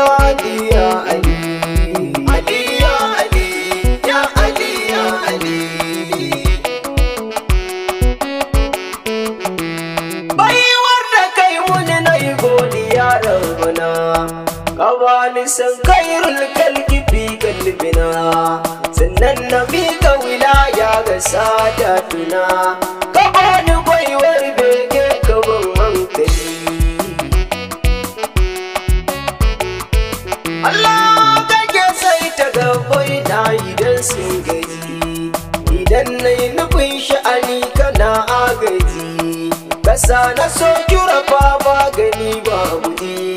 Ali ya Ali Ali ya Ali ya Ali ya Ali Baiwar da kai muni na yi godiya rabbana Kawani san kairul kalki kalbina Sannan na miƙa wilaya ga sadatuna Kawani baiwar sun gaji idan na yi nufin sha'ani kana agaji kasa na so kira ba magani ba buɗi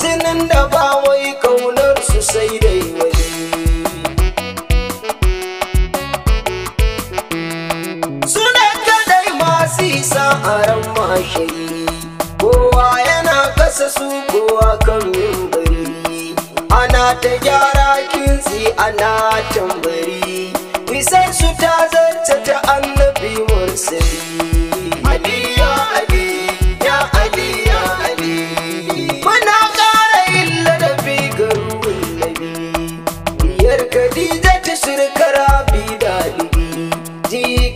jinin da ba wai kaunar sai dai waje suna kadai masu isa a ran mashayi kowa yana kasa su kowa kan yin bari ana ta gyara kintsi ana tambayi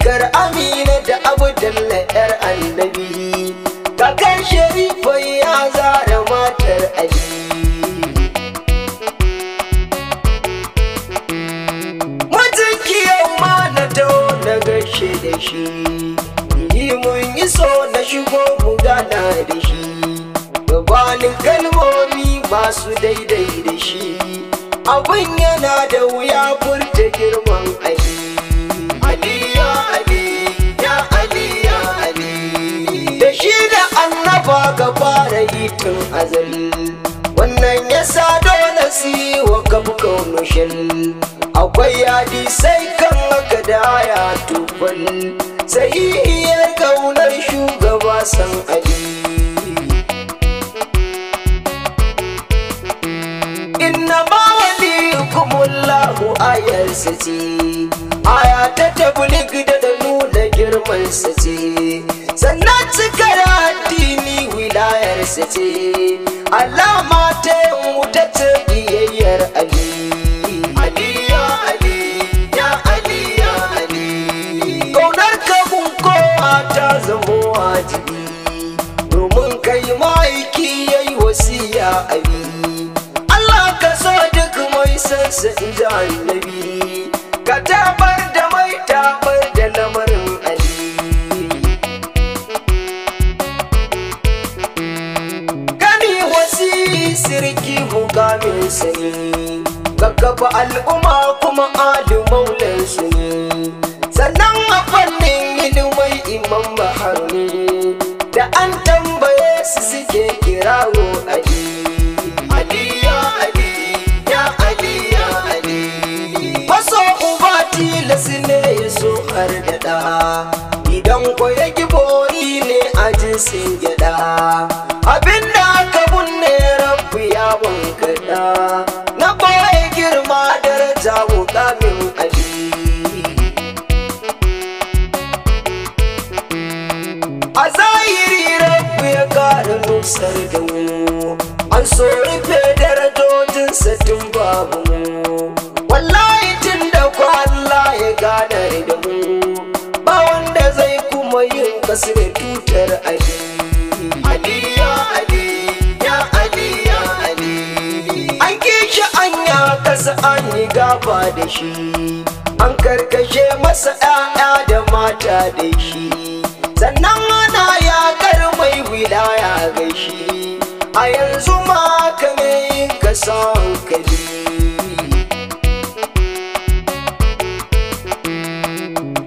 Kar Amina da Abu Dalla yar annabi Kakan Sharifai ya zara matar Ali Mutunki ma na taho na gaishe da shi Ni mun yi so na shigo mu gana da shi Gabanin kalmomi masu daidai da shi Abin yana da wuya furta girman aiki aka fara yi tun azali wannan ya dole su yi wa kafu kaunushin akwai yadi sai kan aka daya tufan sai iya kaunar shugaba san aji inna ma kumullahu ayar sace aya ta tabbalik da nuna girman ce sannan addini wilayar ce alama ta wuta ce biyayyar ali ta wasiya Allah ka so duk mai sansa in ji annabi ka taɓa limamin su gaggaba al'umma kuma adu maulan su ne sannan a fannin ilimai imam bahari da an tambaye su suke kirawo ali ali ya ali ya ali ya maso uba tilas ne ya so har da idan ko ya gibori ne a jinsin gida na na boye girma daraja mukamin ali a zahiri rabu ya kara nusar da mu an so rufe darajojin satin babu mu wallahi tun da kwa Allah ya gadar da mu ba wanda zai kuma yin kasirin masa an yi gaba da shi an karkashe masa 'ya'ya da mata da shi sannan ana yakar mai wilaya ga shi a yanzu ma ka ne ka hankali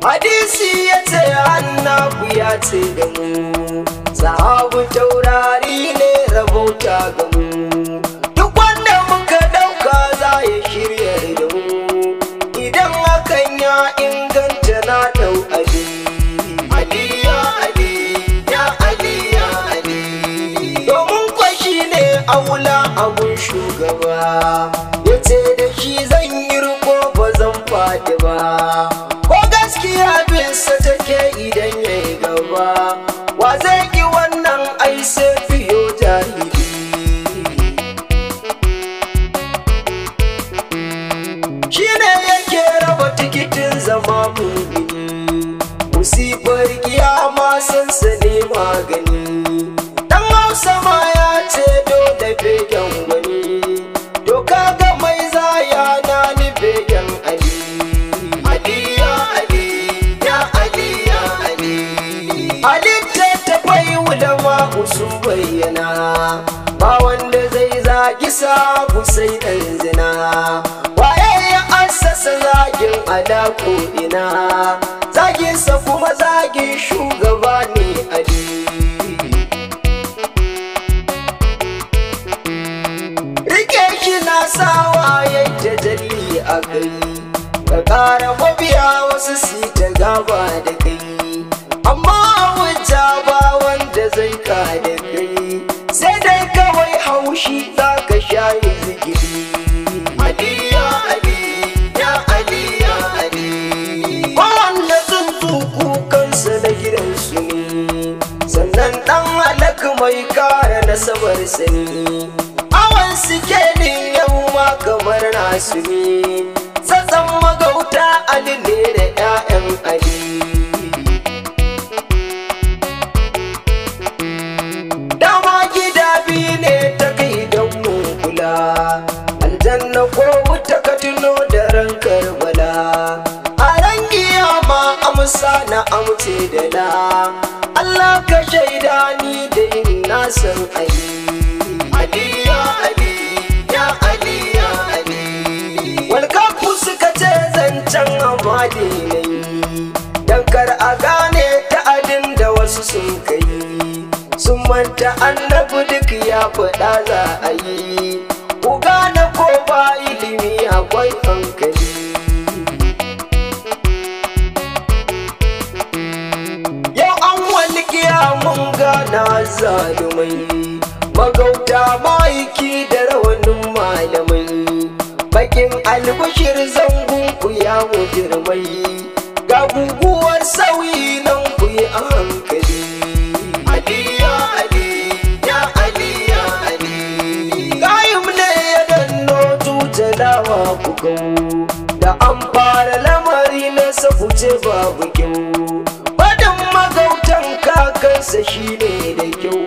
hadisi ya ce annabu ya ce da mu sahabu taurari ne rabauta ga mu aula abun shugaba ya da shi zan yi ruko ba zan faɗi ba ko gaskiya binsa take idan yayi gaba wa zai ki wannan ai sai fiyo jahili shi ne yake raba tikitin zama mumini musibar kiyama sansa ne magani dan hausa ma ya ce begen gwani to kaga mai zaya na ni begen ali ali ya ta bai wuda ma usu bayyana ba wanda zai zagi sabu sai dan zina waye ya assasa zagin ala ko ina zagin sa kuma zagin da sai dai kawai haushi za ka sha zigiri aliya ali ya ali ya ali kowanne tsuntsu kukansa na gidansu ne sannan dan halak mai kara nasabar sani awan suke ne yau ma kamar nasu ne sassan magauta ali ne da 'ya'yan ali wuce da na Allah ka shaida ni da ina na san Ali Ali ya Ali ya Ali ya Ali ku suka ce zancen amma nayi dan kar a gane ta adin da wasu sun kai sun manta annabi duk ya faɗa za a yi mun gana zalumai magauta ma'aiki da rawanin malamai bakin albashin zangon ku ya girmai ga guguwar sauyi nan ku yi a hankali ali ya ali ne ya danno tutalawa ku da an fara lamari na sabuce babu kyau sa shi ne da kyau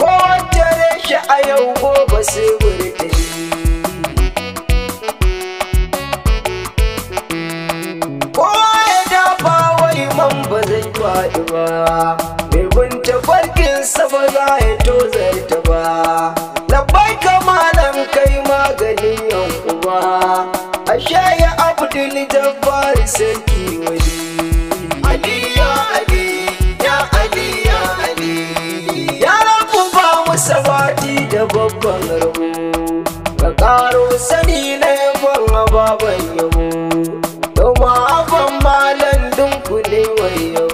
ko tare shi a yau ba sai shi. ko ya dafa wani man ba zai faɗi ba mai bin farkin sa ba za ya tozarta ba labbai kamalan kai maganin yan uba ashe ya abdul jabbar sai dukkan rabu karo sani na yawan ababen yau domin abin malam dunkule wai yau